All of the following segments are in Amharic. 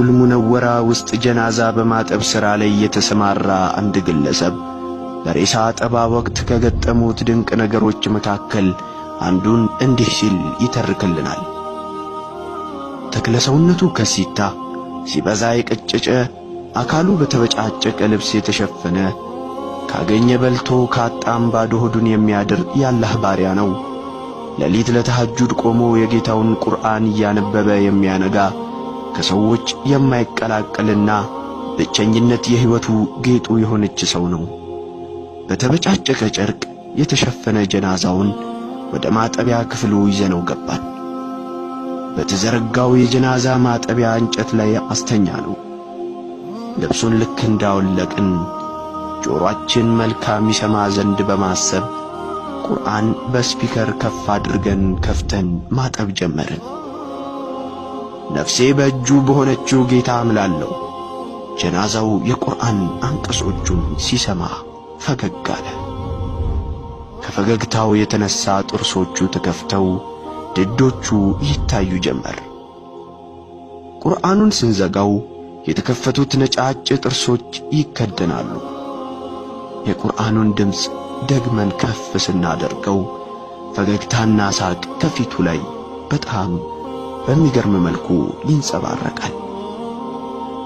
መዲናቱል ሙነወራ ውስጥ ጀናዛ በማጠብ ሥራ ላይ የተሰማራ አንድ ግለሰብ በሬሳ አጠባ ወቅት ከገጠሙት ድንቅ ነገሮች መካከል አንዱን እንዲህ ሲል ይተርክልናል። ተክለሰውነቱ ከሲታ ሲበዛ የቀጨጨ አካሉ በተበጫጨቀ ልብስ የተሸፈነ ካገኘ በልቶ ካጣም ባዶ ሆዱን የሚያድር ያላህ ባሪያ ነው። ሌሊት ለተሐጁድ ቆሞ የጌታውን ቁርአን እያነበበ የሚያነጋ ከሰዎች የማይቀላቀልና ብቸኝነት የሕይወቱ ጌጡ የሆነች ሰው ነው። በተበጫጨቀ ጨርቅ የተሸፈነ ጀናዛውን ወደ ማጠቢያ ክፍሉ ይዘነው ገባን። በተዘረጋው የጀናዛ ማጠቢያ እንጨት ላይ አስተኛ ነው። ልብሱን ልክ እንዳወለቅን ጆሮአችን መልካም ይሰማ ዘንድ በማሰብ ቁርአን በስፒከር ከፍ አድርገን ከፍተን ማጠብ ጀመርን። ነፍሴ በእጁ በሆነችው ጌታ አምላለሁ። ጀናዛው የቁርአን አንቀጾቹን ሲሰማ ፈገግ አለ። ከፈገግታው የተነሳ ጥርሶቹ ተከፍተው ድዶቹ ይታዩ ጀመር። ቁርአኑን ስንዘጋው የተከፈቱት ነጫጭ ጥርሶች ይከደናሉ። የቁርአኑን ድምፅ ደግመን ከፍ ስናደርገው ፈገግታና ሳቅ ከፊቱ ላይ በጣም በሚገርም መልኩ ይንጸባረቃል።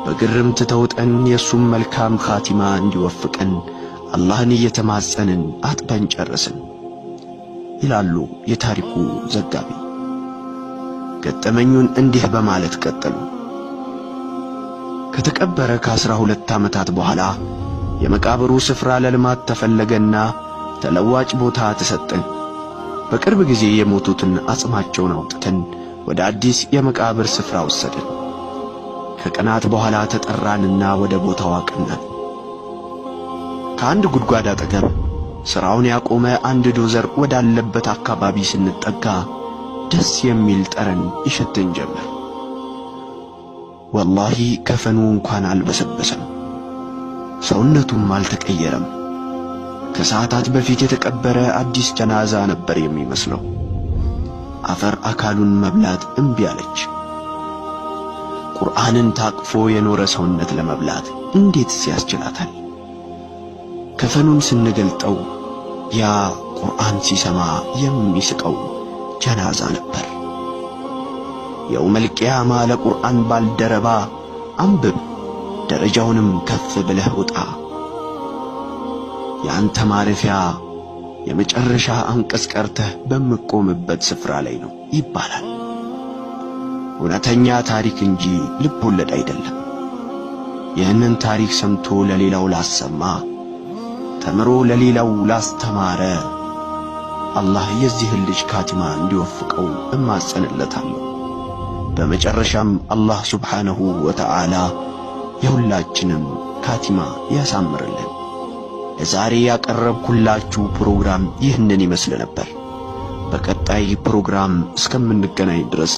በግርም ትተውጠን የእሱም መልካም ኻቲማ እንዲወፍቀን አላህን እየተማጸንን አጥበን ጨርስን ይላሉ የታሪኩ ዘጋቢ። ገጠመኙን እንዲህ በማለት ቀጠሉ። ከተቀበረ ከአስራ ሁለት ዓመታት በኋላ የመቃብሩ ስፍራ ለልማት ተፈለገና ተለዋጭ ቦታ ተሰጠን። በቅርብ ጊዜ የሞቱትን አጽማቸውን አውጥተን ወደ አዲስ የመቃብር ስፍራ ወሰደን። ከቀናት በኋላ ተጠራንና ወደ ቦታው አቀናን። ከአንድ ጉድጓድ አጠገብ ሥራውን ያቆመ አንድ ዶዘር ወዳለበት አካባቢ ስንጠጋ ደስ የሚል ጠረን ይሸተን ጀመር። ወላሂ ከፈኑ እንኳን አልበሰበሰም፣ ሰውነቱም አልተቀየረም። ከሰዓታት በፊት የተቀበረ አዲስ ጀናዛ ነበር የሚመስለው። አፈር አካሉን መብላት እምቢ አለች። ቁርአንን ታቅፎ የኖረ ሰውነት ለመብላት እንዴትስ ያስችላታል? ከፈኑን ስንገልጠው ያ ቁርአን ሲሰማ የሚስቀው ጀናዛ ነበር። የውመል ቂያማ ለቁርአን ባልደረባ አንብብ፣ ደረጃውንም ከፍ ብለህ ውጣ። የአንተ ማረፊያ የመጨረሻ አንቀጽ ቀርተህ በምቆምበት ስፍራ ላይ ነው ይባላል። እውነተኛ ታሪክ እንጂ ልብ ወለድ አይደለም። ይህንን ታሪክ ሰምቶ ለሌላው ላሰማ፣ ተምሮ ለሌላው ላስተማረ አላህ የዚህን ልጅ ካቲማ እንዲወፍቀው እማጸንለታለሁ። በመጨረሻም አላህ ሱብሓነሁ ወተዓላ የሁላችንም ካቲማ ያሳምርልን። ለዛሬ ያቀረብኩላችሁ ፕሮግራም ይህንን ይመስል ነበር። በቀጣይ ፕሮግራም እስከምንገናኝ ድረስ